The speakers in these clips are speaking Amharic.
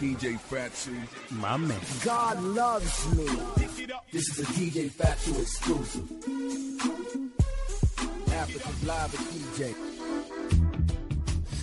DJ Fatsu. My man. God loves me. This is a DJ Fatsu exclusive. African Live with DJ.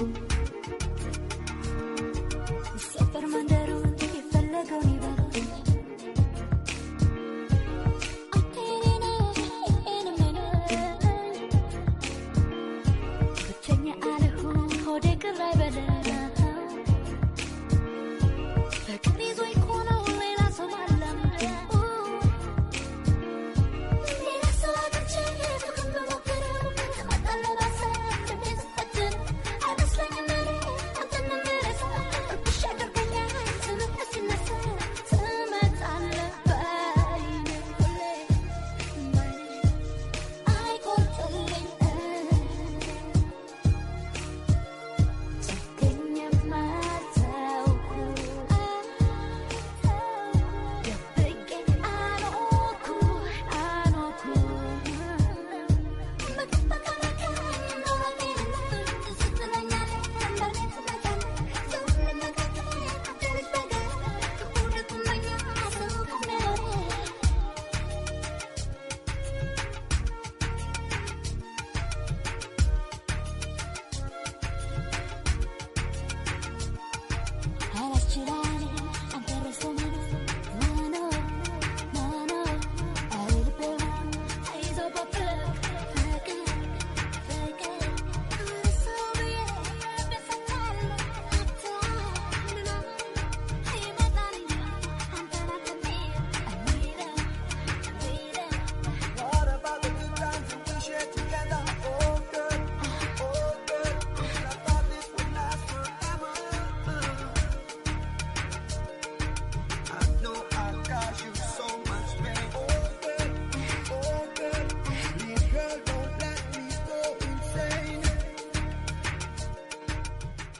Thank you.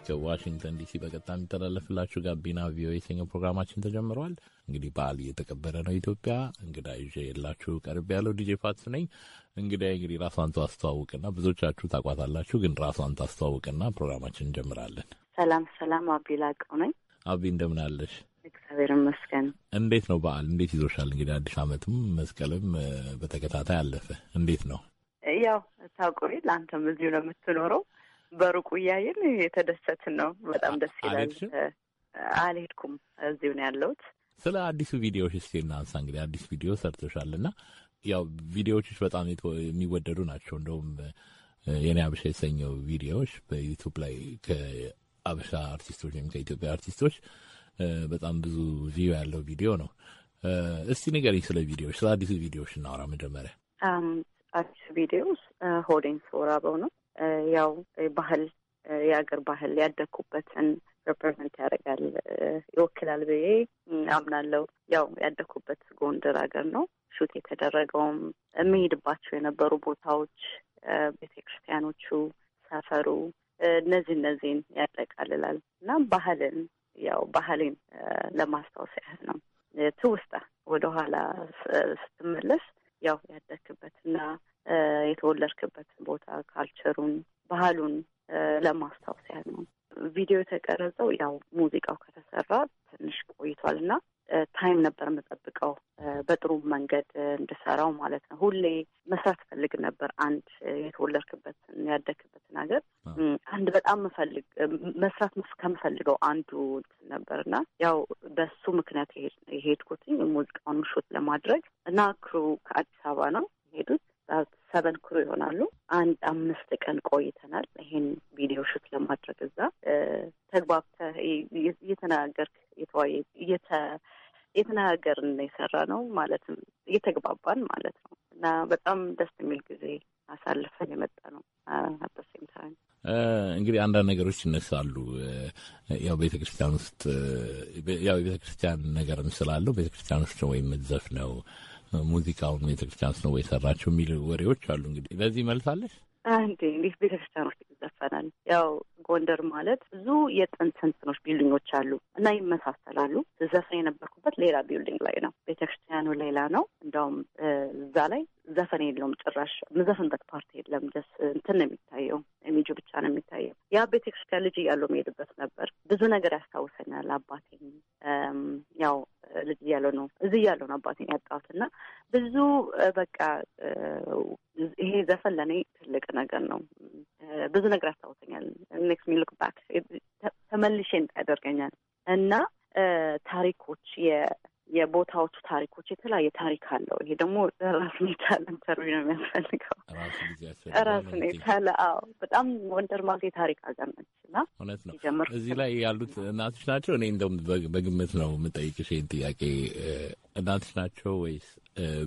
ከዋሽንግተን ዲሲ በቀጥታ የሚተላለፍላችሁ ጋቢና ቪኦኤ የተሰኘው ፕሮግራማችን ተጀምረዋል። እንግዲህ በዓል እየተቀበለ ነው ኢትዮጵያ። እንግዳ ይዤ የላችሁ ቀርብ ያለው ዲጄ ፋትስ ነኝ። እንግዳ እንግዲህ ራሷን ታስተዋውቅና ብዙዎቻችሁ ታቋታላችሁ፣ ግን ራሷን ታስተዋውቅና ፕሮግራማችን እንጀምራለን። ሰላም ሰላም፣ አቢ ላቀው ነኝ። አቢ እንደምን አለሽ? እግዚአብሔር ይመስገን። እንዴት ነው በዓል እንዴት ይዞሻል? እንግዲህ አዲስ ዓመትም መስቀልም በተከታታይ አለፈ። እንዴት ነው ያው ታውቆ ለአንተም እዚሁ ነው የምትኖረው በሩቁ እያየን የተደሰትን ነው። በጣም ደስ ይላል። አልሄድኩም፣ እዚሁ ነው ያለሁት። ስለ አዲሱ ቪዲዮዎች እስቲ እናንሳ። እንግዲህ አዲስ ቪዲዮ ሰርተሻል እና ያው ቪዲዮዎች በጣም የሚወደዱ ናቸው። እንደውም የኔ አብሻ የተሰኘው ቪዲዮዎች በዩቱብ ላይ ከአብሻ አርቲስቶች ወይም ከኢትዮጵያ አርቲስቶች በጣም ብዙ ቪው ያለው ቪዲዮ ነው። እስቲ ንገሪኝ ስለ ቪዲዮዎች፣ ስለ አዲሱ ቪዲዮዎች እናወራ መጀመሪያ። አዲሱ ቪዲዮ ሆዴን ስወር ነው ያው ባህል የሀገር ባህል ያደግኩበትን ሪፕሬዘንት ያደርጋል ይወክላል ብዬ አምናለው ያው ያደግኩበት ጎንደር ሀገር ነው። ሹት የተደረገውም የሚሄድባቸው የነበሩ ቦታዎች፣ ቤተክርስቲያኖቹ፣ ሰፈሩ እነዚህ እነዚህን ያጠቃልላል እና ባህልን ያው ባህሌን ለማስታወስ ያህል ነው። ትውስታ ወደኋላ ስትመለስ ያው ያደግክበትና የተወለድክበት ቦታ ካልቸሩን፣ ባህሉን ለማስታወስ ያህል ነው። ቪዲዮ የተቀረጸው ያው ሙዚቃው ከተሰራ ትንሽ ቆይቷል እና ታይም ነበር የምጠብቀው በጥሩ መንገድ እንድሰራው ማለት ነው። ሁሌ መስራት ፈልግ ነበር። አንድ የተወለድክበትን ያደግክበትን ሀገር አንድ በጣም መፈልግ መስራት ከምፈልገው አንዱ ነበር እና ያው በሱ ምክንያት የሄድኩትኝ ሙዚቃውን ምሾት ለማድረግ እና ክሩ ከአዲስ አበባ ነው የሄዱት ሰበን ክሩ ይሆናሉ። አንድ አምስት ቀን ቆይተናል። ይሄን ቪዲዮ ሹት ለማድረግ እዛ ተግባብተህ እየተነጋገርክ የተወያየ እየተነጋገርን የሰራ ነው ማለትም እየተግባባን ማለት ነው እና በጣም ደስ የሚል ጊዜ አሳልፈን የመጣ ነው። አበሴም እንግዲህ አንዳንድ ነገሮች ይነሳሉ። ያው ቤተ ክርስቲያን ውስጥ ያው የቤተ ክርስቲያን ነገርም ስላለው ቤተ ክርስቲያን ውስጥ ወይም መዘፍ ነው ሙዚቃውን ቤተክርስቲያን ነው የሰራቸው የሚል ወሬዎች አሉ። እንግዲህ በዚህ መልሳለች እንዴ እንዲህ ቤተክርስቲያን ውስጥ ይዘፈናል? ያው ጎንደር ማለት ብዙ የጥንት እንትኖች ቢልዲንጎች አሉ እና ይመሳሰላሉ። ዘፈን የነበርኩበት ሌላ ቢልዲንግ ላይ ነው፣ ቤተክርስቲያኑ ሌላ ነው። እንደውም እዛ ላይ ዘፈን የለውም ጭራሽ ምዘፍንበት ፓርቲ የለም። ደስ እንትን ነው የሚታየው፣ ኢሜጁ ብቻ ነው የሚታየው። ያ ቤተክርስቲያን ልጅ እያለሁ የምሄድበት ነበር። ብዙ ነገር ያስታውሰኛል። አባቴም ያው ልጅ እያለሁ ነው እዚህ እያለሁ ነው አባቴን ያጣሁት እና ብዙ በቃ ይሄ ዘፈን ለእኔ ትልቅ ነገር ነው። ብዙ ነገር አስታውሰኛል። ኔክስት ሚ ሉክ ባክ ተመልሼ ያደርገኛል እና ታሪኮች የቦታዎቹ ታሪኮች የተለያየ ታሪክ አለው። ይሄ ደግሞ ራሱን የቻለ ኢንተርቪው ነው የሚያስፈልገው። ራሱን የቻለ አዎ፣ በጣም ወንደር ማርት የታሪክ አገር ነች እና እውነት ነው። እዚህ ላይ ያሉት እናቶች ናቸው። እኔ እንደውም በግምት ነው የምጠይቅሽ ይሄን ጥያቄ፣ እናቶች ናቸው ወይስ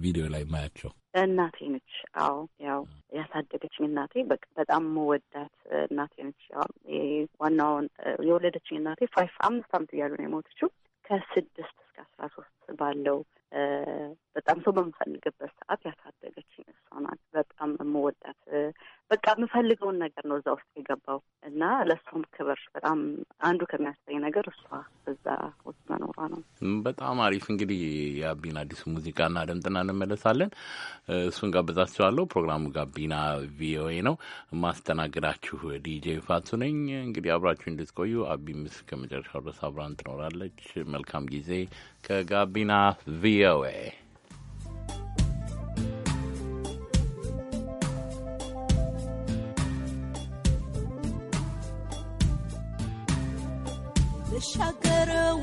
ቪዲዮ ላይ ማያቸው? እናቴ ነች። አዎ ያው ያሳደገችኝ እናቴ በጣም መወዳት እናቴ ነች። ዋናውን የወለደችኝ እናቴ ፋይፍ አምስት አመት እያሉ ነው የሞተችው ከስድስት አስራ ሶስት ባለው በጣም ሰው በምፈልግበት ሰዓት ያሳደገችኝ እሷ ናት። በጣም የምወዳት በቃ የምፈልገውን ነገር ነው እዛ ውስጥ የገባው እና ለእሷም ክብር በጣም አንዱ ከሚያሳይ ነገር እሷ በጣም አሪፍ። እንግዲህ የአቢን አዲሱ ሙዚቃና ደምጥና እንመለሳለን። እሱን ጋብዛችኋለሁ። ፕሮግራሙ ጋቢና ቪኦኤ ነው። ማስተናግዳችሁ ዲጄ ፋቱ ነኝ። እንግዲህ አብራችሁ እንድትቆዩ አቢ ምስ ከመጨረሻው ድረስ አብራን ትኖራለች። መልካም ጊዜ ከጋቢና ቪኦኤ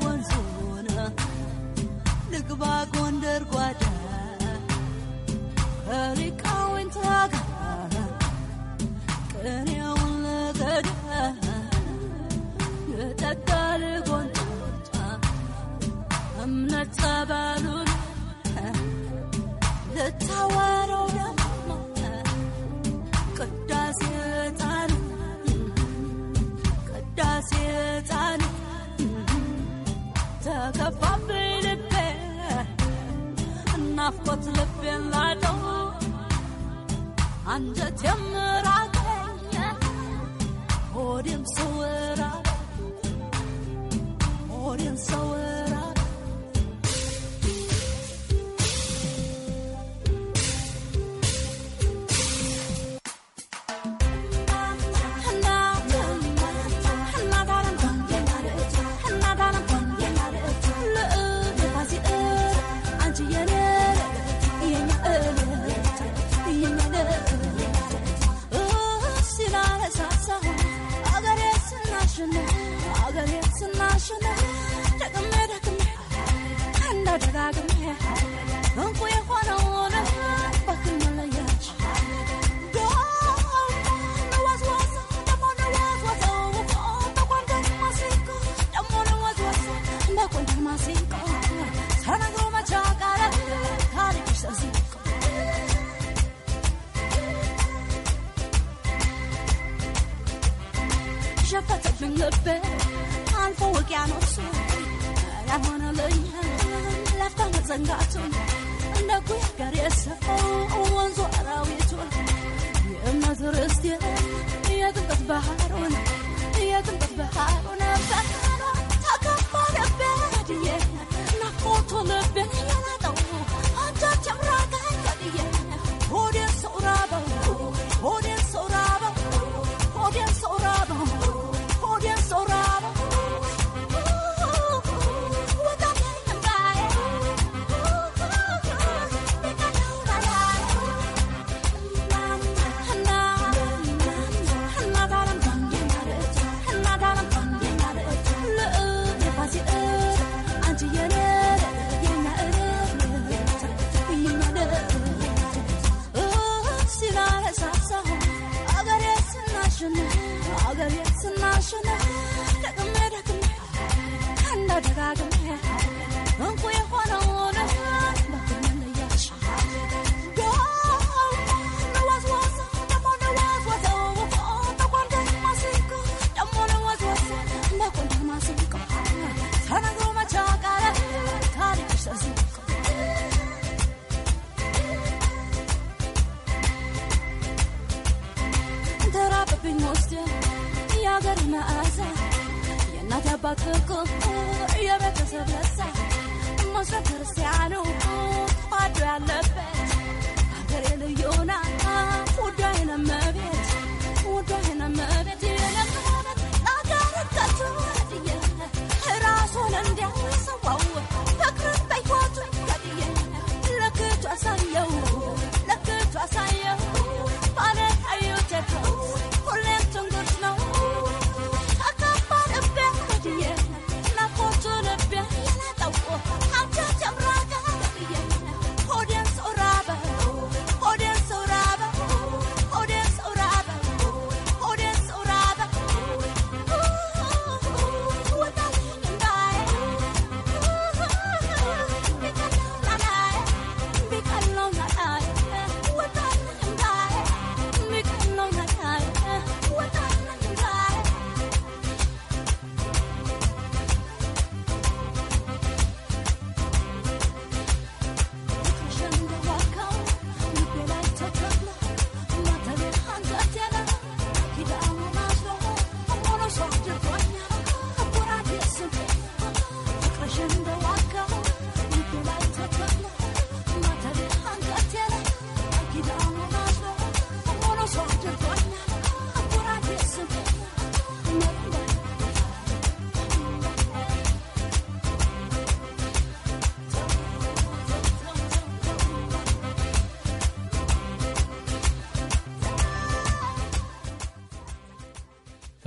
ወንዙ ልግባ ጎንደር ጓዳ ከሊቃውንት ጋር ቅኔውን የጠጣል እምነት ጸባ ናፍቆት ልቤን ላደው አንጀቴም ራቀኝ ሆዴም ሰወራ ሆዴም ሰወራ international. I'll get international. Take a minute, come here. And I'll drag him here. Don't put your one on the back ምኞበት አልፎ ውቅያኖሱ ያልሆነልኝ ለፍታ መዘንጋቱን እንደ ጉያ ጋር የሰፈው ወንዙ አራዊቱን የእምነት ርስቴ የጥምቀት ባህሩን የጥምቀት ባህሩን በቃኗ ተከፋ ልቤ ድዬ ናፍቆቱ ልቤን ያላ I saw you, look good, I saw you.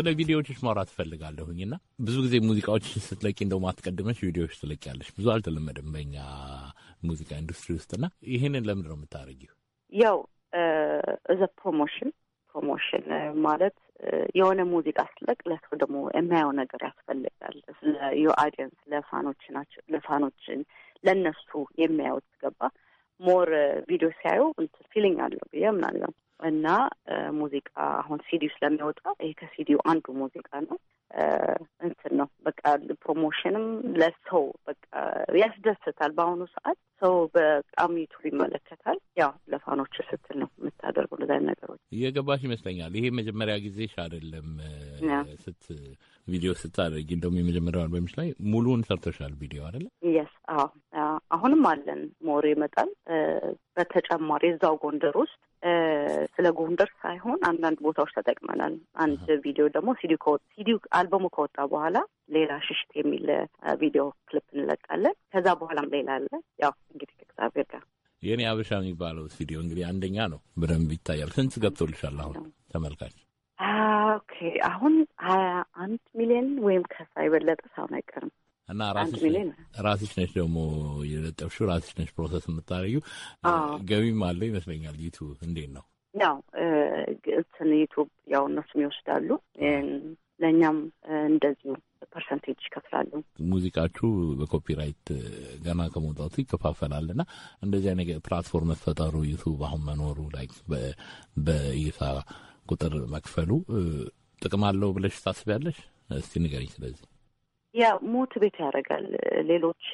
ስለ ቪዲዮዎችሽ ማውራት እፈልጋለሁኝ እና ብዙ ጊዜ ሙዚቃዎችን ስትለቂ እንደውም አትቀድመሽ ቪዲዮዎች ትለቂያለሽ። ብዙ አልተለመደም በእኛ ሙዚቃ ኢንዱስትሪ ውስጥ ውስጥና ይህንን ለምንድን ነው የምታደርጊው? ያው እዘ ፕሮሞሽን ፕሮሞሽን ማለት የሆነ ሙዚቃ ስትለቅ ለሰው ደግሞ የሚያየው ነገር ያስፈልጋል። ለአዲየንስ ለፋኖች ናቸው ለፋኖችን ለእነሱ የሚያዩት ገባ ሞር ቪዲዮ ሲያዩ ፊሊንግ አለው ብዬ ምናለው እና ሙዚቃ አሁን ሲዲው ስለሚወጣ ይሄ ከሲዲው አንዱ ሙዚቃ ነው። እንትን ነው በቃ ፕሮሞሽንም ለሰው በቃ ያስደስታል። በአሁኑ ሰዓት ሰው በጣም ዩቱብ ይመለከታል። ያው ለፋኖች ስትል ነው የምታደርገው እንደዛ ነገሮች እየገባሽ ይመስለኛል። ይሄ መጀመሪያ ጊዜሽ አይደለም ስት ቪዲዮ ስታደርጊ እንደውም የመጀመሪያው አልበምሽ ላይ ሙሉውን ሰርተሻል ቪዲዮ አይደለ? የስ አሁንም አለን ሞር ይመጣል። በተጨማሪ እዛው ጎንደር ውስጥ ስለ ጎንደር ሳይሆን አንዳንድ ቦታዎች ተጠቅመናል። አንድ ቪዲዮ ደግሞ ሲዲው አልበሙ ከወጣ በኋላ ሌላ ሽሽት የሚል ቪዲዮ ክሊፕ እንለቃለን። ከዛ በኋላም ሌላ አለ። ያው እንግዲህ ከእግዚአብሔር ጋር የእኔ አበሻ የሚባለው ቪዲዮ እንግዲህ አንደኛ ነው፣ በደንብ ይታያል። ስንት ገብቶልሻል አሁን ተመልካች? ኦኬ አሁን ሀያ አንድ ሚሊዮን ወይም ከሳ የበለጠ ሳይሆን አይቀርም እና ራስሽ ነሽ ደግሞ የለጠብሽው ራስሽ ነሽ ፕሮሰስ የምታደርጊው። ገቢም አለው ይመስለኛል። ዩቱ እንዴት ነው ያው እንትን ዩቱብ ያው እነሱም ይወስዳሉ ለእኛም እንደዚሁ ፐርሰንቴጅ ይከፍላሉ። ሙዚቃችሁ በኮፒራይት ገና ከመውጣቱ ይከፋፈላል እና እንደዚህ ነገር ፕላትፎርም መፈጠሩ ዩቱብ አሁን መኖሩ ላይ በእይታ ቁጥር መክፈሉ ጥቅም አለው ብለሽ ታስቢያለሽ? እስቲ ንገሪኝ ስለዚህ ያ ሞቲቬት ያደርጋል። ሌሎች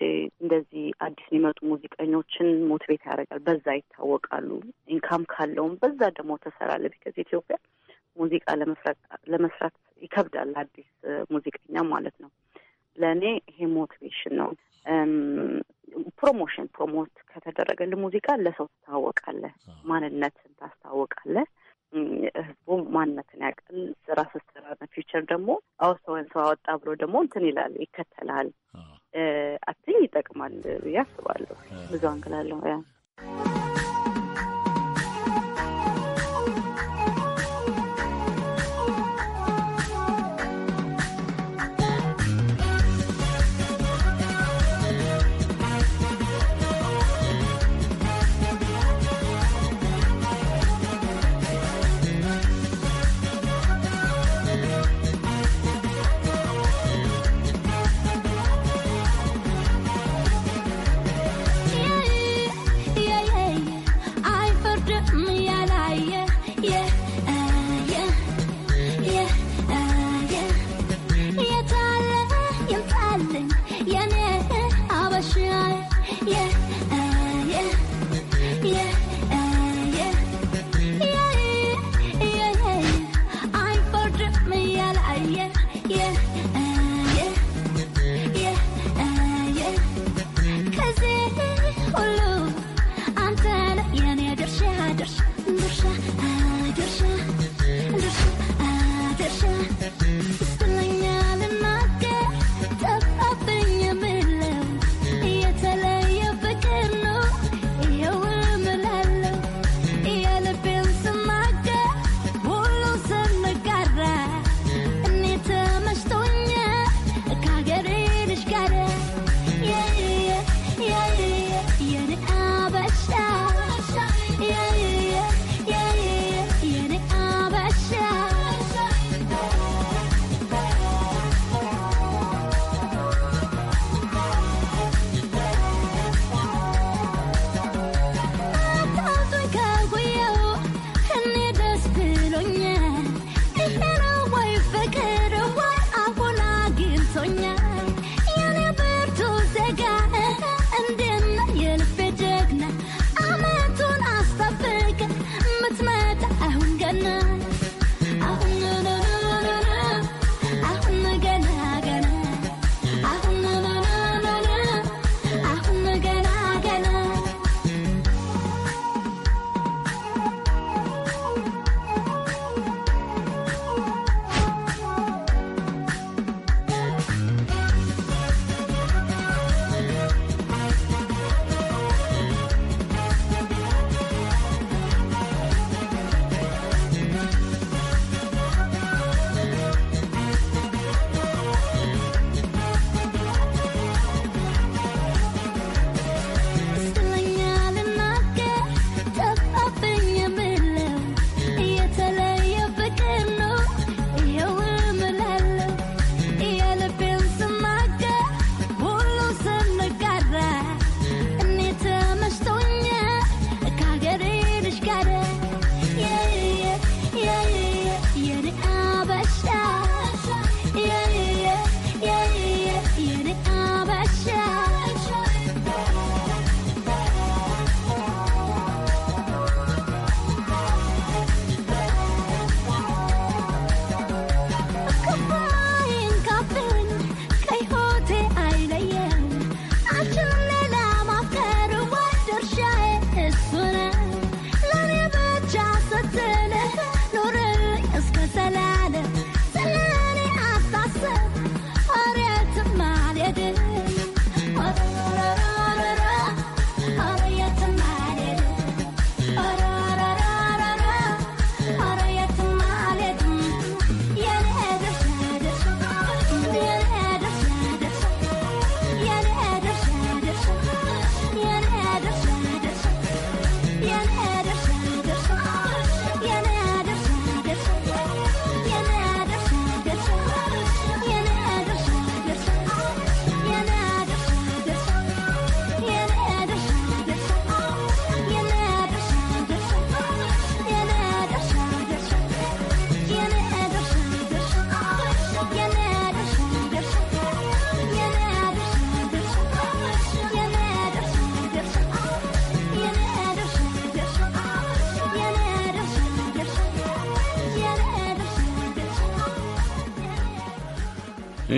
እንደዚህ አዲስ የሚመጡ ሙዚቀኞችን ሞቲቬት ያደርጋል። በዛ ይታወቃሉ። ኢንካም ካለውም በዛ ደግሞ ተሰራለ። ቢከዚ ኢትዮጵያ ሙዚቃ ለመስራት ይከብዳል፣ አዲስ ሙዚቀኛ ማለት ነው። ለእኔ ይሄ ሞቲቬሽን ነው። ፕሮሞሽን ፕሮሞት ከተደረገልህ ሙዚቃ ለሰው ትታወቃለህ፣ ማንነትን ታስታወቃለህ። ህዝቡ ማንነትን ያውቃል። ስራ ስትሰራ ነው ፊውቸር ደግሞ አውሰወን ሰው አወጣ ብሎ ደግሞ እንትን ይላል ይከተላል። አትኝ ይጠቅማል ብዬ አስባለሁ። ብዙ አንግላለሁ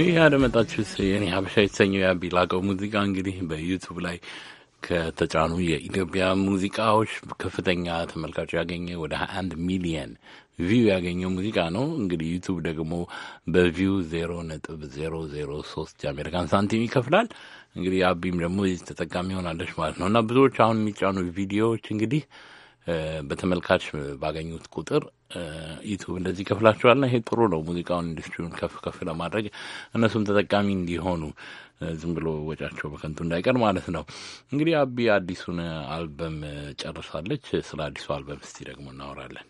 ይህ ያደመጣችሁት የኔ ሀበሻ የተሰኘው የአቢ ላቀው ሙዚቃ እንግዲህ በዩቱብ ላይ ከተጫኑ የኢትዮጵያ ሙዚቃዎች ከፍተኛ ተመልካች ያገኘ ወደ 21 ሚሊየን ቪው ያገኘው ሙዚቃ ነው። እንግዲህ ዩቱብ ደግሞ በቪው ዜሮ ነጥብ ዜሮ ዜሮ ሶስት የአሜሪካን ሳንቲም ይከፍላል። እንግዲህ አቢም ደግሞ ተጠቃሚ ሆናለች ማለት ነው እና ብዙዎች አሁን የሚጫኑ ቪዲዮዎች እንግዲህ በተመልካች ባገኙት ቁጥር ዩቱብ እንደዚህ ከፍላችኋልና ይሄ ጥሩ ነው። ሙዚቃውን ኢንዱስትሪውን ከፍ ከፍ ለማድረግ እነሱም ተጠቃሚ እንዲሆኑ ዝም ብሎ ወጫቸው በከንቱ እንዳይቀር ማለት ነው። እንግዲህ አቢ አዲሱን አልበም ጨርሳለች። ስለ አዲሱ አልበም እስቲ ደግሞ እናወራለን።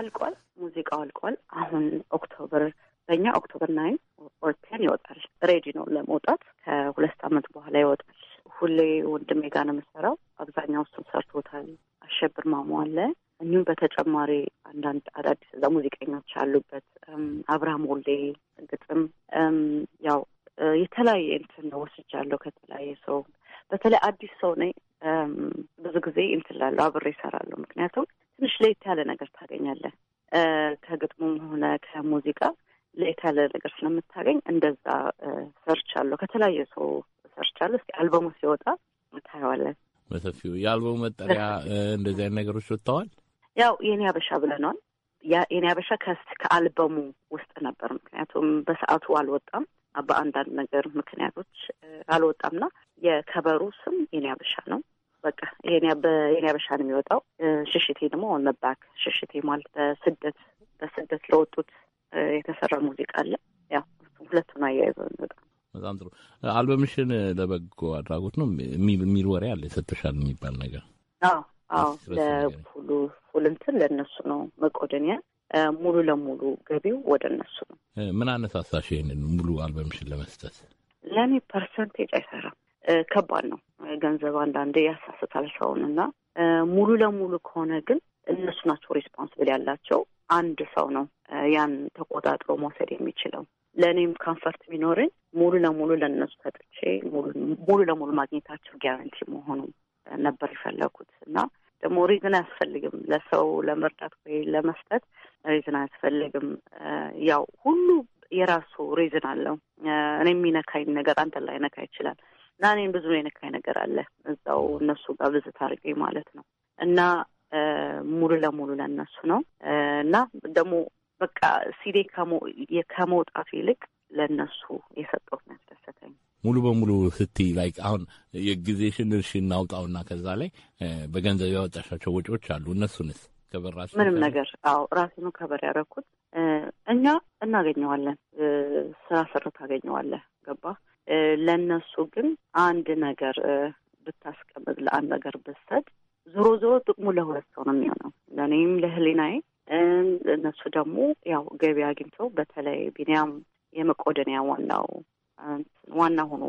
አልቋል፣ ሙዚቃው አልቋል። አሁን ኦክቶበር በእኛ ኦክቶበር ናይን ኦር ቴን ይወጣል። ሬዲ ነው ለመውጣት። ከሁለት ዓመት በኋላ ይወጣል። ሁሌ ወንድሜ ጋር ነው የምሰራው። አብዛኛው እሱም ሰርቶታል። አሸብር ማሞ አለ እንዲሁም በተጨማሪ አንዳንድ አዳዲስ እዛ ሙዚቀኞች ያሉበት አብርሃም ወልዴ ግጥም ያው የተለያየ እንትን ነው ወስጃለሁ ከተለያየ ሰው በተለይ አዲስ ሰው ነኝ። ብዙ ጊዜ እንትላለሁ አብሬ እሰራለሁ። ምክንያቱም ትንሽ ለየት ያለ ነገር ታገኛለህ ከግጥሙም ሆነ ከሙዚቃ ለየት ያለ ነገር ስለምታገኝ እንደዛ ሰርች አለሁ። ከተለያየ ሰው ሰርች አለሁ። እስኪ አልበሙ ሲወጣ ታየዋለን። በሰፊው የአልበሙ መጠሪያ እንደዚህ አይነት ነገሮች ወጥተዋል። ያው የኔ አበሻ ብለናል። የኔ አበሻ ከስት ከአልበሙ ውስጥ ነበር። ምክንያቱም በሰዓቱ አልወጣም፣ በአንዳንድ ነገር ምክንያቶች አልወጣም አልወጣምና የከበሩ ስም የኔ አበሻ ነው። በቃ የኔ አበሻ ነው የሚወጣው። ሽሽቴ ደግሞ ኦንባክ ሽሽቴ ማለት በስደት በስደት ለወጡት የተሰራ ሙዚቃ አለ። ያው ሁለቱን አያይዘው ይወጣ በጣም ጥሩ አልበምሽን ለበጎ አድራጎት ነው የሚል ወሬ አለ። ይሰጥሻል የሚባል ነገር አዎ አዎ ለሁሉ ሁልንትን ለእነሱ ነው መቄዶንያ ሙሉ ለሙሉ ገቢው ወደ እነሱ ነው። ምን አነሳሳሽ ይህንን ሙሉ አልበምሽን ለመስጠት? ለእኔ ፐርሰንቴጅ አይሰራም። ከባድ ነው። ገንዘብ አንዳንዴ ያሳስታል ሰውን እና ሙሉ ለሙሉ ከሆነ ግን እነሱ ናቸው ሪስፖንስብል ያላቸው። አንድ ሰው ነው ያን ተቆጣጥሮ መውሰድ የሚችለው። ለእኔም ካንፈርት ቢኖረኝ ሙሉ ለሙሉ ለእነሱ ሰጥቼ ሙሉ ለሙሉ ማግኘታቸው ጋራንቲ መሆኑ ነበር የፈለኩት። እና ደግሞ ሪዝን አያስፈልግም ለሰው ለመርዳት ወይ ለመስጠት ሪዝን አያስፈልግም። ያው ሁሉ የራሱ ሪዝን አለው። እኔ የሚነካኝ ነገር አንተ ላይ ነካ ይችላል እና እኔም ብዙ የነካኝ ነገር አለ እዛው እነሱ ጋር ብዝት አድርጌ ማለት ነው እና ሙሉ ለሙሉ ለእነሱ ነው እና ደግሞ በቃ ሲዴ ከመውጣቱ ይልቅ ለእነሱ የሰጠሁት ያስደሰተኝ ሙሉ በሙሉ ስቲ ላይክ አሁን የጊዜሽን እሺ እናውጣውና ከዛ ላይ በገንዘብ ያወጣሻቸው ወጪዎች አሉ። እነሱንስ ምንም ነገር? አዎ ራሴኑ ከበር ያደረኩት እኛ እናገኘዋለን። ስራ ስር ታገኘዋለህ። ገባ ለእነሱ ግን አንድ ነገር ብታስቀምጥ፣ ለአንድ ነገር ብትሰጥ፣ ዞሮ ዞሮ ጥቅሙ ለሁለት ሰው ነው የሚሆነው፣ ለእኔም ለህሊናዬ፣ እነሱ ደግሞ ያው ገቢ አግኝተው በተለይ ቢኒያም የመቆደንያ ዋናው ዋና ሆኖ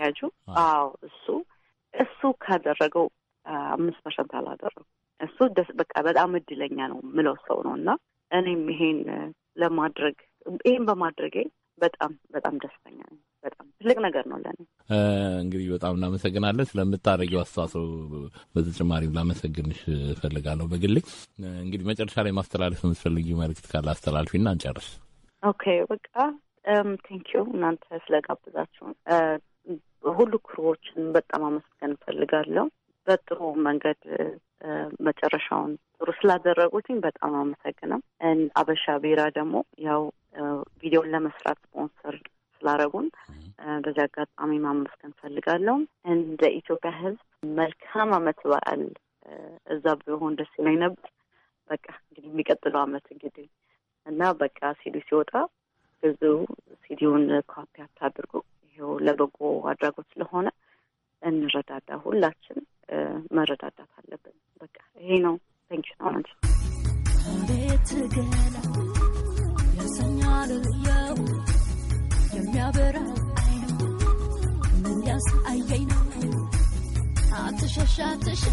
ያጁ አዎ እሱ እሱ ካደረገው አምስት ፐርሰንት አላደረጉ እሱ ደስ በቃ በጣም እድለኛ ነው ምለው ሰው ነው እና እኔም ይሄን ለማድረግ ይሄን በማድረጌ በጣም በጣም ደስተኛ ነኝ። በጣም ትልቅ ነገር ነው ለእኔ። እንግዲህ በጣም እናመሰግናለን ስለምታደርጊው አስተዋጽኦ። በተጨማሪም ላመሰግንሽ እፈልጋለሁ በግሌ። እንግዲህ መጨረሻ ላይ ማስተላለፍ የምትፈልጊው መልዕክት ካለ አስተላልፊና እንጨርስ። ኦኬ ቴንክ um, ዩ እናንተ ስለጋብዛችሁ uh, ሁሉ ክሮዎችን በጣም አመስገን እፈልጋለሁ። በጥሩ መንገድ uh, መጨረሻውን ጥሩ ስላደረጉትኝ በጣም አመሰግነው። አበሻ ቢራ ደግሞ ያው uh, ቪዲዮን ለመስራት ስፖንሰር ስላረጉን በዚህ አጋጣሚ ማመስገን ፈልጋለሁ። እንደ ኢትዮጵያ ሕዝብ መልካም አመት በዓል እዛ ቢሆን ደስ ይለኝ ነበር። በቃ እንግዲህ የሚቀጥለው አመት እንግዲህ እና በቃ ሲሉ ሲወጣ ብዙ ሲዲውን ኮፒ አታድርጉ። ይሄው ለበጎ አድራጎት ስለሆነ እንረዳዳ፣ ሁላችን መረዳዳት አለብን። በቃ ይሄ ነው። ታንኪ ነው ማለት የሚያበራው አየኝ ነው አትሸሽ አትሸሽ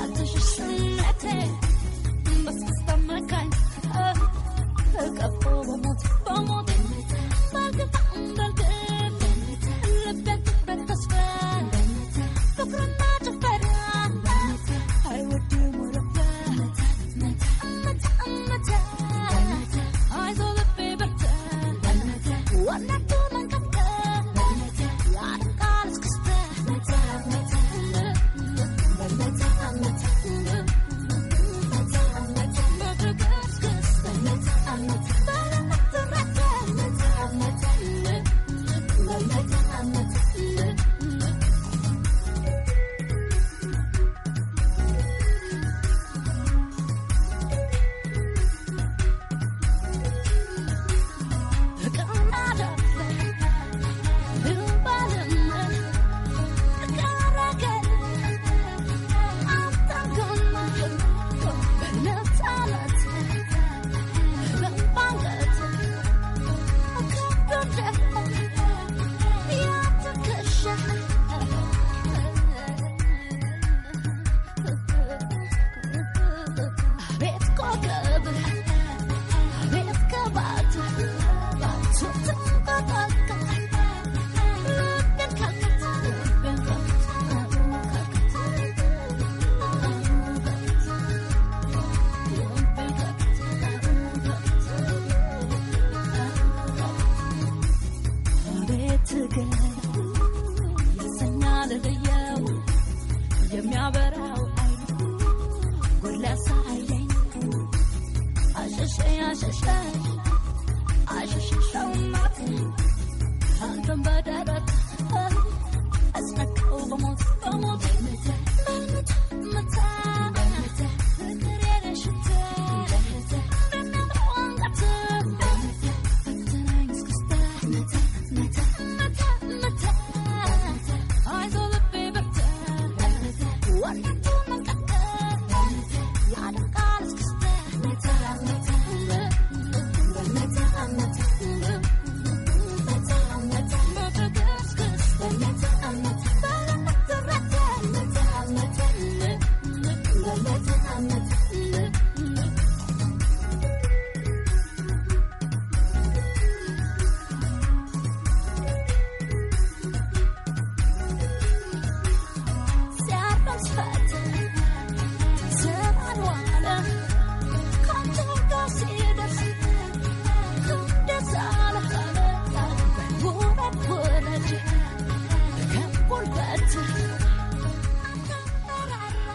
አትሸሽ ስነቴ በስስታ Bye.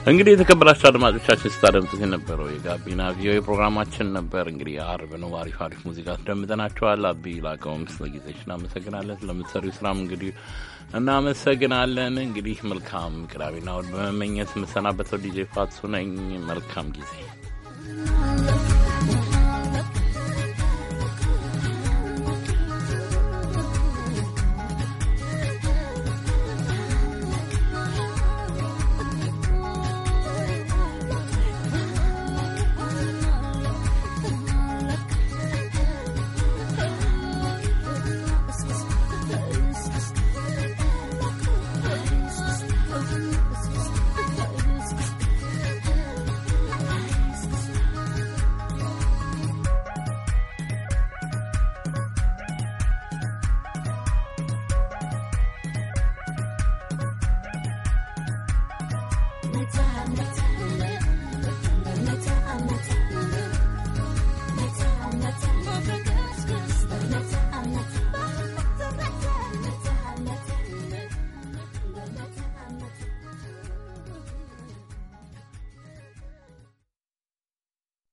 እንግዲህ የተከበራችሁ አድማጮቻችን ስታደምጡት የነበረው የጋቢና ቪኦኤ ፕሮግራማችን ነበር። እንግዲህ አርብ ነው። አሪፍ አሪፍ ሙዚቃ ትደምጠናቸዋል። አቢ ላቀውም ስለ ጊዜሽ እናመሰግናለን። ስለምትሰሪው ስራም እንግዲህ እናመሰግናለን። እንግዲህ መልካም ቅዳሜና እሑድ በመመኘት የምሰናበተው ዲጄ ፋትሱ ነኝ። መልካም ጊዜ